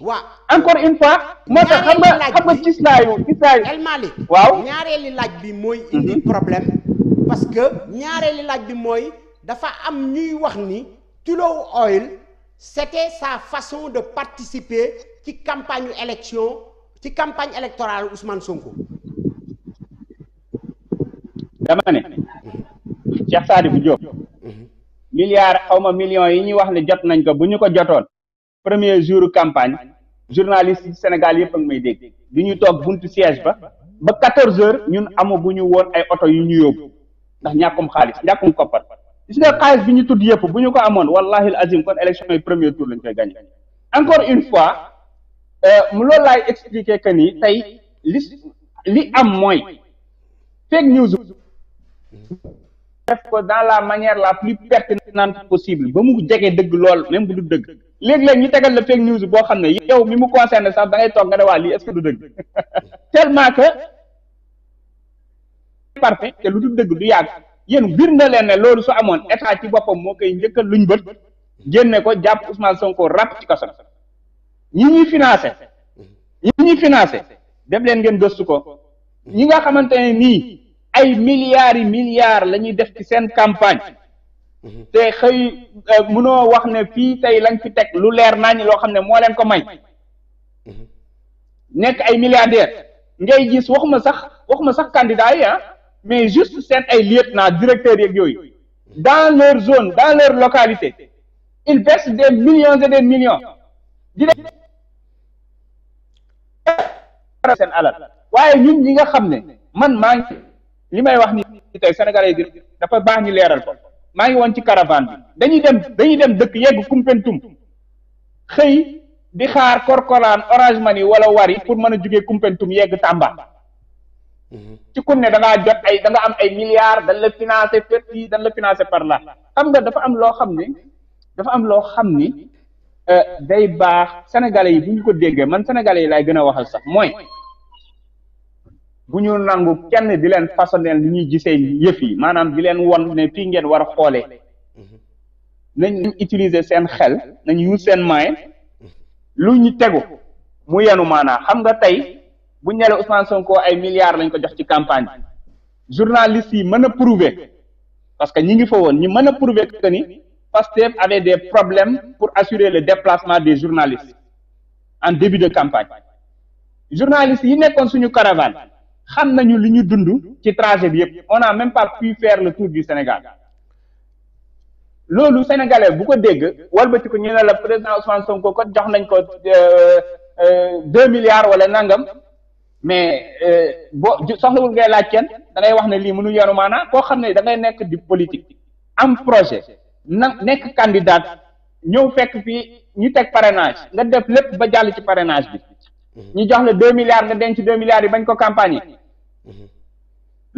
waaw encore une fois. moo tax xam nga xam nga gis naa yu gis naa yu. waaw ñaareeli laaj bi mooy. Mhm. indi problème parce que ñaareeli laaj bi mooy dafa am ñuy wax ni Tullow Oil c'était sa façon de participer ci campagne élection ci campagne électorale Ousmane Sonko. dama ne. Cheikh bu Diop. Mhm. milliards xaw ma millions yi ñuy wax ne jot nañ ko bu ñu ko jotoon. premier jour campagne journaliste Sénégal yëpp a ngi may dégg di toog bunt siège ba ba quatorze heures ñun amaguñu woon ay oto yu ñu yóbbu ndax ñàkkum xaalis ñàkkum koppar gis nga xaalis bi ñu tudd yëpp bu ñu ko amoon wallahi al azim kon élection yi premier tour lañ koy gagné encore une fois mu euh, loolu laay expliqué que nii tey li li am mooy fake news def ko dans la manière la plus pertinente possible ba mu jege dëgg lool même bu du dëgg léegi léeg ñu tegal la fake news boo xam ne yow mi mu concerné sax da ngay toog nga ne waa lii est-ce que du dëgg tellement que parfait te lu dul dëgg du yàgg yéen bir na leen ne loolu su amoon état ci boppam moo koy njëkk a luñ bët génne ko jàpp Ousmane Sonko ràpp ci kaso ñi ñuy financé ñi ñuy financé dem leen ngeen gëstu ko ñi nga xamante ne nii ay milliards yi milliards la ñuy def ci seen campagne Mhm. te xëy euh, mënoo wax ne fii tey lañ fi teg lu leer nañ loo xam ne moo leen ko may mhm. nekk ay milliardaire ngay gis waxuma sax waxuma sax candidat yi ah mais juste seen ay lieutenant directeur yeeg yooyu mhm. dans leur zone dans leur localité ils versent des millions et des millions di def seen alal waaye ñun ñi nga xam ne man maa ngi li may wax ni tey dafa baax ñu leeral ko maa ngi woon ci caravane bi dañuy dem dañuy dem dëkk yegg Koumpentoum xëy di xaar Korkolaan Orange Money wala Wari pour mën a jugee Koumpentoum yegg Tamba ci kun ne da jot ay da nga am ay milliards dañ la financé par ci la financé par là xam nga dafa am loo xam ne dafa am loo xam ni euh, day baax sénégalais yi bu ñu ko déggee man sénégalais yi laay gën a waxal sax mooy bu ñu nangu kenn di leen façonnel ni ñuy gisee yëf yi maanaam di leen won ne fii ngeen war a xoolee nañ utiliser seen xel nañ use seen moyen lu ñu tegu mu yenu maanaa xam nga tey bu ñu nelee Ousmane Sonko ay milliards lañ ko jox ci campagne journalistes yi mën a prouver parce que ñi ngi fa woon ñi mën a prouver que ni Pastef avait des problèmes pour assurer le déplacement des journalistes en début de campagne journalistes yi nekkoon suñu caravane xam nañu li ñu dund ci trajet bi yëpp on n'a même pas pu faire le tour du Sénégal loolu sénégalais bu ko dégg walbati ko ñu ne la président Ousmane Sonko ko jox nañ ko euh, euh, deux milliards wala nangam mais euh, boo soxlawul ngay laaj kenn da wax ne lii mënu yoru maanaa koo xam ne da ngay nekk di politique am projet na nekk candidat ñëw fekk fi ñu teg parrainage nga def lépp ba jàll ci parrainage bi ñu jox la deux milliards nga denc deux milliards yi bañ ko campagne yi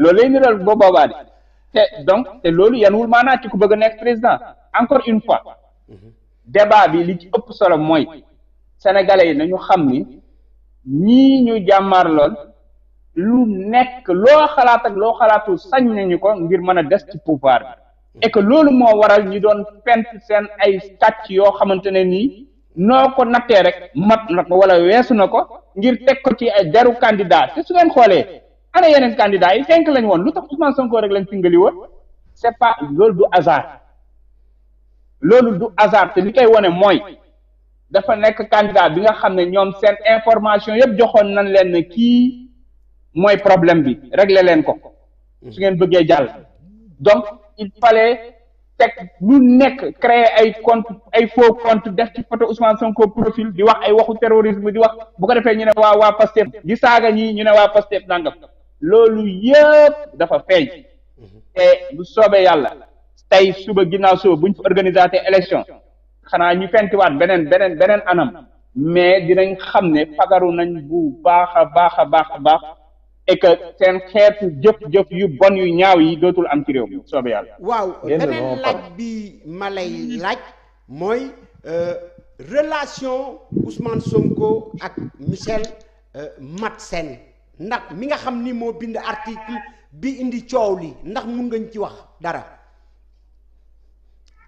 loolu lay niral ba boobaa de te donc te loolu yan wul maanaa ci ku bëgg a nekk président encore une fois débat bi li ci ëpp solo mooy sénégale yi nañu xam ni ñi ñu jàmmaar lool lu nekk loo xalaat ak loo xalaatu sañ nañu ko ngir mën a des ci pouvoir bi loolu moo waral ñu doon pent seen ay tàcc yoo xamante ne nii noo ko nattee rek mat na ko wala weesu na ko ngir teg ko ci ay jaru candidat te su ngeen xoolee ana yeneen candidat yi cinq lañ woon lu tax Ousmane Sonko rek lañ singali woon c'est pas loolu du hasard loolu du hasard te li kay wone mooy dafa nekk candidat bi nga xam ne ñoom seen information yëpp joxoon nañ leen ne kii mooy problème bi réglé leen ko su ngeen bëggee jàll donc il fallait teg lu nekk créer ay compte ay faux compte def ci photo Ousmane Sonko profil di wax ay waxu terrorisme di wax bu ko defee ñu ne waa waa Pastef di saaga ñii ñu ne waa Pastef nangam loolu yëpp dafa feeñ te bu soobee yàlla tey suba ginnaaw suba buñ fa organiser élection xanaa ñu fentiwaat beneen beneen beneen anam mais dinañ xam ne fagaru nañ bu baax a baax a baax baax et seen xeetu jëf-jëf yu bon yu ñaaw yi dootul am ci réew mi soobee yàlla. waaw beneen laaj bi ma lay laaj mooy euh, relation Ousmane Sonko ak euh, matt sen ndax mi nga xam ni moo bind article bi indi coow li ndax mun nga ñu ci wax dara.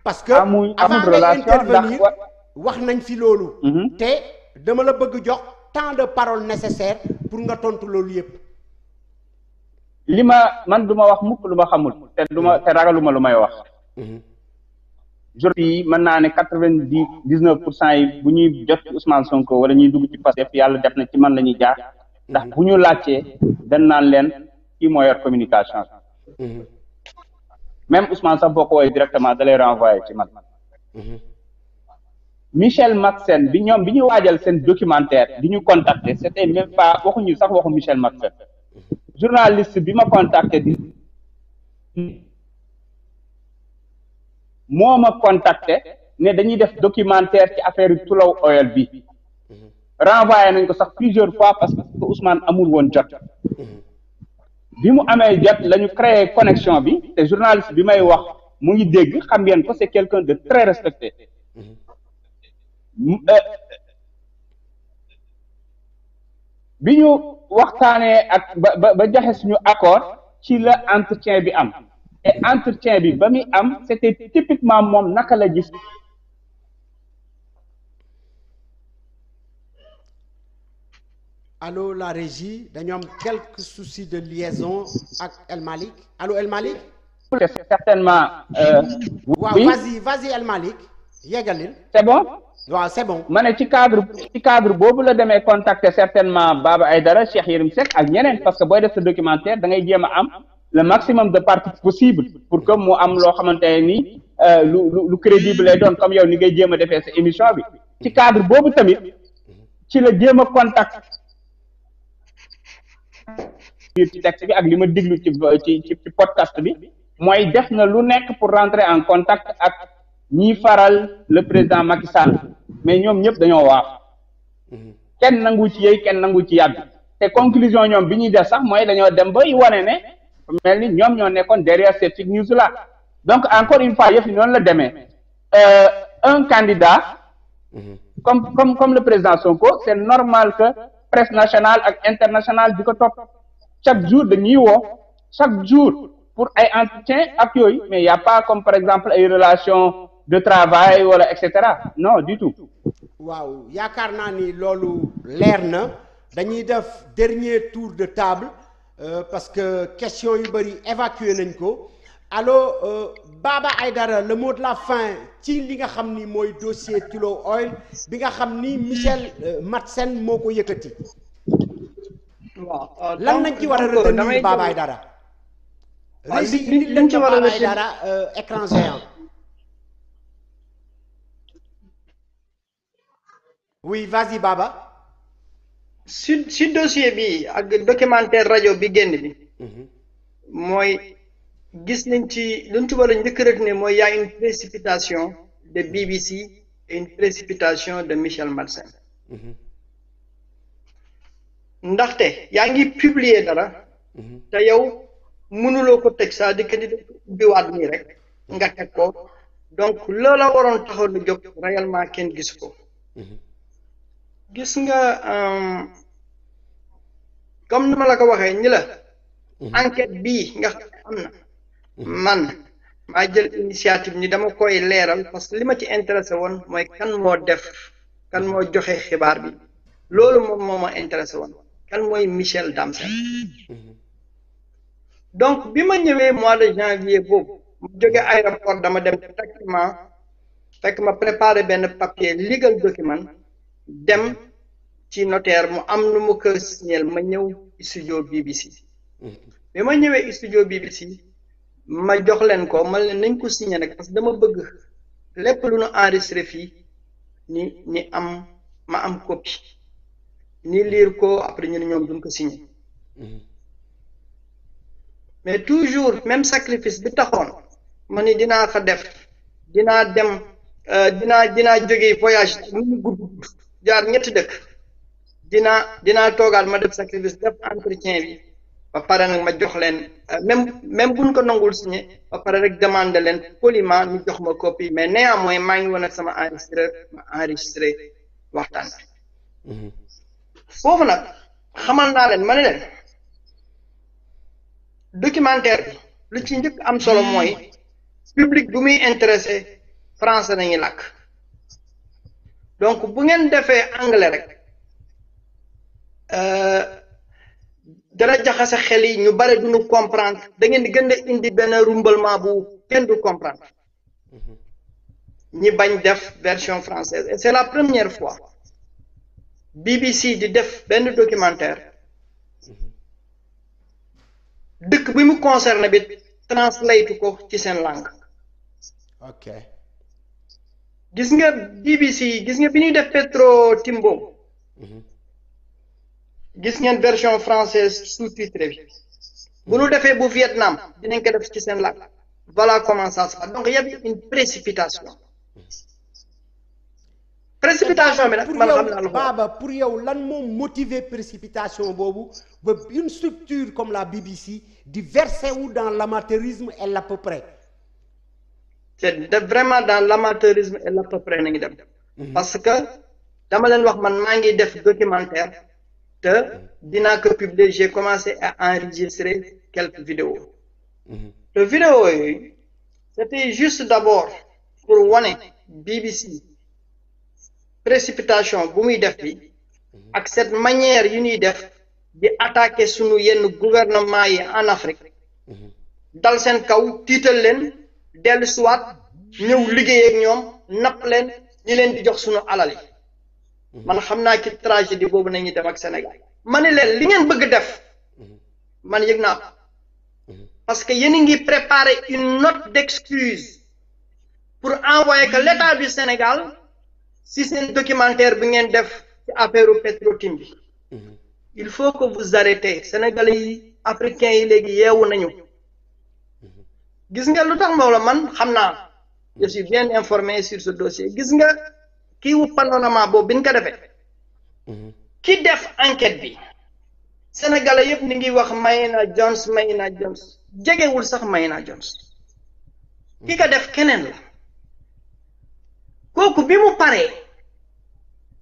parce que amul amul relation wax nañ fi loolu. Mhm. te dama la bëgg jox temps de parole nécessaire pour nga tontu loolu yépp. li ma man du ma wax mukk lu ma xamul te du ma te ragaluma lu may wax mhm. jour yi mën naa ne quatre vingt dix dix neuf pour cent yi bu ñuy jot ci Ousmane Sonko wala ñuy dugg ci Pastef yàlla def na ci man la ñuy jaar ndax bu ñu laajtee dañ naan leen kii moo yor communication mhm. même Ousmane sax boo ko woowee directement da lay renvoyé ci man mhm. Michel seen bi ñoom bi ñu waajal seen documentaire di ñu contacter c'était même pas waxuñu sax waxu Michel Maxen journaliste bi ma contacté di moo ma contacte ne dañuy def documentaire ci affaire yi Tullow Oil bi renvoyé nañ ko sax plusieurs fois parce que Ousmane amul woon jot bi mu amee jot lañu ñu créé bi te journaliste bi may wax mu ngi dégg xam ngeen ko c'est quelqu'un de très respecté euh, bi ñu waxtaanee ak ba ba joxe suñu accord ci la entretien bi am et entretien bi ba muy am c'était typiquement moom naka la gis allô la régie dañu am quelques soucis de liaison ak El Malick allô El Malick certainement euh, oui. waaw vas-y vas-y El Malick yeggalil c'est bon waaw c'est ma ne ci cadre ci cadre boobu la demee contacter certainement Baba Aydara Cheikh Yérim Seck ak ñeneen parce que booy def sa documentaire da ngay jéem a am le maximum de parties possible pour que mu am loo xamante ne ni euh, lu lu lu crédible lay doon comme yow ni ngay jéem a defee sa émission bi ci cadre boobu tamit ci la jéem a contact ci texte bi ak li ma diglu ci ci ci podcast bi mooy def na lu nekk pour rentrer en contact ak ñi faral le président Macky mais ñoom ñëpp dañoo waaf mhm. kenn nangu ci yëy kenn nangu ci yàgg te conclusion ñoom bi ñuy def sax mooy dañoo dem bay wane ne mel ni ñoom ñoo nekkoon derrière ces fake news la donc encore une fois yëf yi noonu la demee euh, un candidat mhm. comme comme comme le président Sonko c'est normal que presse nationale ak international di ko topp chaque jour dañuy woo chaque jour pour ay entretien ak yooyu mais ya a pas comme par exemple ay relation de travail wala et cetera non du tout. waaw yaakaar naa ni loolu leer na dañuy def dernier tour de table euh, parce que question yu bëri évacuer nañ ko alo euh, Baba ay le mot de la fin ci li nga xam ni mooy dossier Tullow Oil bi nga xam ni Michel euh, Madsen moo ko yëkkati. waaw euh, lan nañ ci war a euh, retenir Baba Aïdara. rési li ñu ci war a retenir Baba Aïdara euh, écran géant oui vas-y Baba. si si dossier bi ak documentaire rajo bi génn bi. Mhm. mooy gis nañ ci luñ ci war a mooy yaa une précipitation de mhm. BBC et une précipitation de Michel Martin. Mhm. ndaxte yaa ngi publier dara. te yow mënuloo ko teg saa di ni ubbiwaat nii rek nga teg ko donc loola waroon taxaw lu jóg réellement kenn gis ko. gis nga comme nu ma la ko waxee ni la mhm. enquête bii nga xam am na man maa jël initiative ni dama koy leeral parce que li ma ci intéressé woon mooy kan moo def kan moo joxe xibaar bi loolu moom moo intéressé woon kan mooy Michel Damsel mhm. donc bi ma ñëwee mois de janvier boobu ma jóge aéroport dama dem tactiquement fekk ma préparé benn papier legal document dem ci notaire mu am nu mu ko signal ma ñëw studio BBC bi ma ñëwee studio BBC ma jox leen ko man leen nañ ko signé nag parce que dama bëgg lépp lu nu enregistré fii ni ni am ma am copie ni lire ko après ñu ne ñoom duñ ko signé mais toujours même sacrifice bi taxoon ma ni dinaa fa def dinaa dem euh, dinaa dinaa jóge voyage mu gudd jaar ñetti dëkk dinaa dinaa toogaat ma def sacrifice def entretien bi ba pare nag ma jox leen euh, même même buñ ko nangul signé ba pare rek demande leen poliment ñu jox ma copie mais néanmoins maa ngi woon ak sama enregistreur ma enregistré waxtaan mhm. foofu nag xamal ma ne leen documentaire bi lu ci njëkk am solo mooy public bu muy intéressé français nañuy làkk donc bu ngeen defee anglais rek Euh, dana jaxase xel yi ñu bare duñu comprendre da di gën a indi benn rumbalement bu kenn du comprendre ñi bañ def version française et c'est la première fois BBC di def benn documentaire dëkk bi mu concerné bi translate ko ci seen langue ok gis nga BBC gis nga bi ñuy def Petro Timbo mhm. gis ngeen version française sous-titré bi bu ñu defee bu Vietnam dinañ ko def ci seen làkk voilà comment ça se passe donc y a une précipitation précipitation bi nag man xam naa lu pour yow lan moo motiver précipitation boobu ba une structure comme la BBC di verser wu dans l'amateurisme et l'à peu près c'est de vraiment dans l'amateurisme et l'à peu près nañu dem mhm. parce que dama leen wax man maa ngi def documentaire te dinaa ko publier j'ai commencé à enregistrer quelques vidéos te mm-hmm. vidéo yooyu c'était juste d'abord pour wane BBC précipitation bu muy def bi mm-hmm. ak cette manière yu ñuy def di attaquer sunu yenn gouvernement yi en Afrique mm-hmm. dal seen kaw tiital leen dellu siwaat ñëw liggéey ñoom napp leen ñi leen di jox sunu alali Mhm. man xam naa ci tragédie boobu nañuy dem ak Sénégal ma ne leen li ngeen bëgg def mhm. man yëg naa mhm. parce que yéen a ngi préparer une note d'excuse pour envoyer que l'État du Sénégal si seen documentaire bi ngeen def ci affaire Petro-Tim bi il faut que vous arrêtez Sénégalais yi africains yi léegi yeewu nañu gis nga lu tax Maodo man xam naa je suis bien informé sur ce dossier gis nga kii wu panorama boobu bi ñu ko defee. Mhm. ki def enquête bi. Sénégalais yëpp ni ngi wax Mayna Jones Mayna Jones jegewul sax Mayna Jones. ki ko def keneen la. kooku bi mu paree.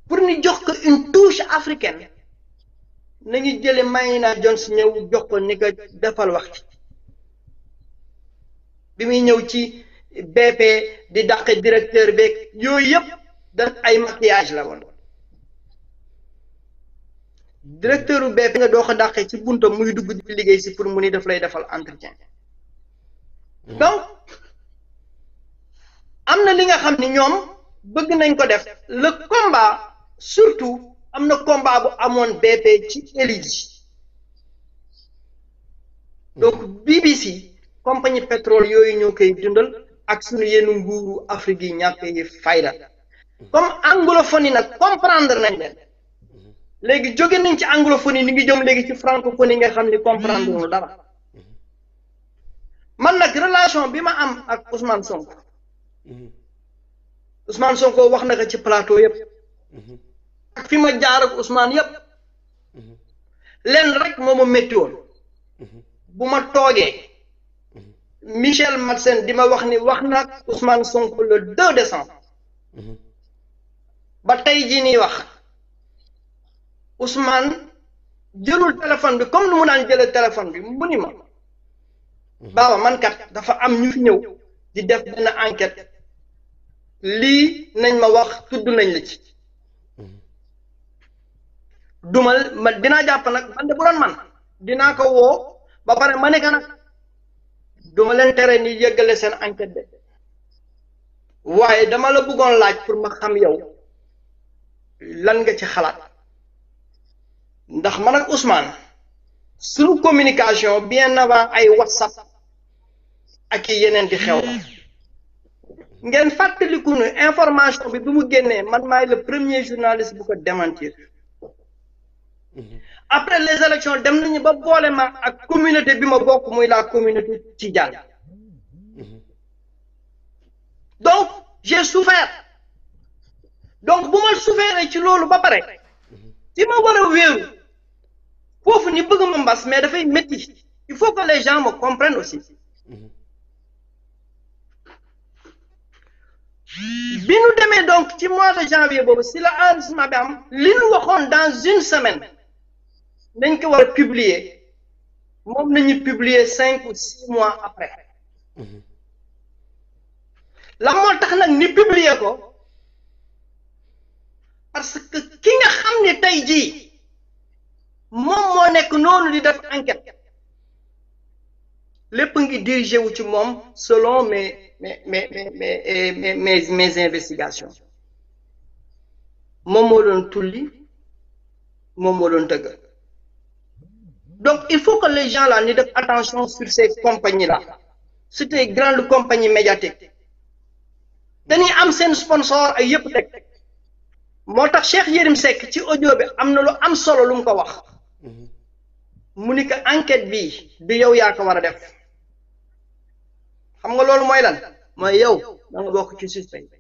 pour ñu jox ko une touche africaine. ngi jële Mayna Jones ñëw jox ko ni ko defal wax ci. bi muy ñëw ci BP di dàq directeur beeg yooyu yëpp. def ay maquillage la woon directeur u BP nga doo ko dàqee ci buntam muy dugg di liggéey si pour mu ni daf lay defal entretien mm-hmm. donc am na li nga xam ni ñoom bëgg nañ ko def le combat surtout am na combat bu amoon BP ci élite yi mm-hmm. donc BBC compagnie pétrole yooyu ñoo koy dundal ak suñu yenn nguuru Afrique yi ñàkkee fayda comme anglophonie nag comprendre nañ leen léegi jóge nañ ci anglophonie ni ngi jëm léegi ci francophonie nga xam ni comprendre nu dara man nag relation bi ma am ak Ousmane Sonko Ousmane Sonko wax na ci plateau yëpp ak fi ma jaar ak Ousmane yëpp leen rek moo ma métti woon bu ma toogee Michel Madsen di ma wax ni wax na ak Ousmane Sonko le 2 décembre ba tey jii nii wax Ousmane jëlul téléphone bi comme nu mu naan jëlee téléphone bi mu ni ma baaba man kat dafa am ñu fi ñëw di def benn enquête lii nañ ma wax tudd nañ la ci dumal ma dinaa jàpp nag man de bu doon man dinaa ko woo ba pare ma ne ka nag duma leen tere ni yëggale seen enquête de waaye dama la bëggoon laaj pour ma xam yow lan nga ci xalaat ndax man ak Ousmane suñu communication bien avant ay whatsapp ak i yeneen di xew la ngeen fàttaliku ne information bi bi mu génnee man maay le premier journaliste bu ko démentir mhm. après les élections dem nañu ba boole ma ak communauté bi ma bokk muy la communauté tidiane mhm. donc j'ai souffert donc bu ma souffrir ci loolu ba pare si ma war a wéeru foofu ni bëgg ma mbas mais dafay métti il faut que les gens me comprennent aussi bi nu demee donc ci mois de janvier boobu si la arrondissement bi am li nu waxoon dans une semaine dañ ko war a publier moom nañu publier cinq ou six mois après mhm. la moo tax nag ni publier ko parce que ki nga xam ne tey jii moom moo nekk noonu di def enquête lépp ngi dirigé wu ci moom selon mes mes mes investigations moom moo doon tulli moom moo doon tëgg donc il faut que les gens là ñu def attention sur ces compagnies là c'est des grande compagnies médiatiques dañuy am seen sponsor ay yëpp teg. moo tax Cheikh Yérim sekk ci ojo bi am na lu am solo lu mu ko wax mhm. mu ni ko enquête bi du yow yaa ko war a def xam nga loolu mooy lan mooy yow da bokk ci suspect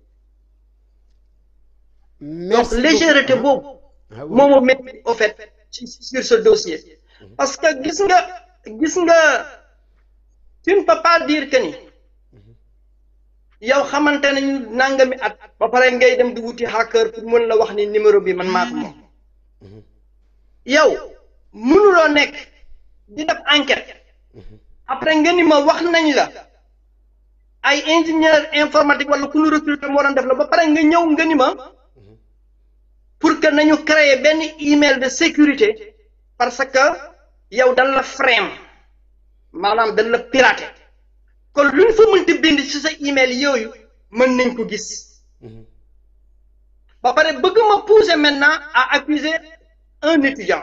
donc légèreté ah boobu moo ma metti au fait ci sur ce dossier mhm. parce que gis nga gis nga tu ne peux pas ni yow xamante nañu nangami at ba pare ngay dem di wuti hacker pour mën la wax ni numéro bi man maa ko moom yow mënuloo nekk di def enquête après nga ni ma wax nañ la ay ingénieur informatique wala ku ñu recruter moo doon def la ba pare nga ñëw nga ni ma pour que nañu créer benn email de sécurité parce que yow dañ la frame maanaam dañ la pirater kon luñ fa mënti bind ci sa email yooyu mën nañ ko gis mhm. ba pare bëgg ma pousser maintenant à accuser un étudiant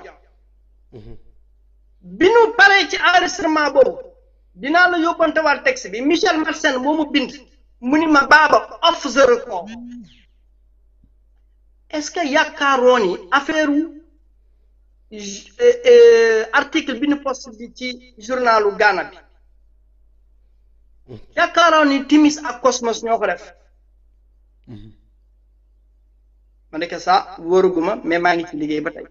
mhm. bi nu paree ci enregistrement boobu dinaa la yóbbantewaat texte bi Michel Marcel moo mu bind mu ni ma baaba off the record est-ce que yaakaaroon yi affaire euh, euh, article bi nu post bi ci journalu Ghana bi yaakaaroon ni timis ak cosmos ñoo ko def mhm. ma sa saa wóoruguma mais maa ngi ci liggéey ba tey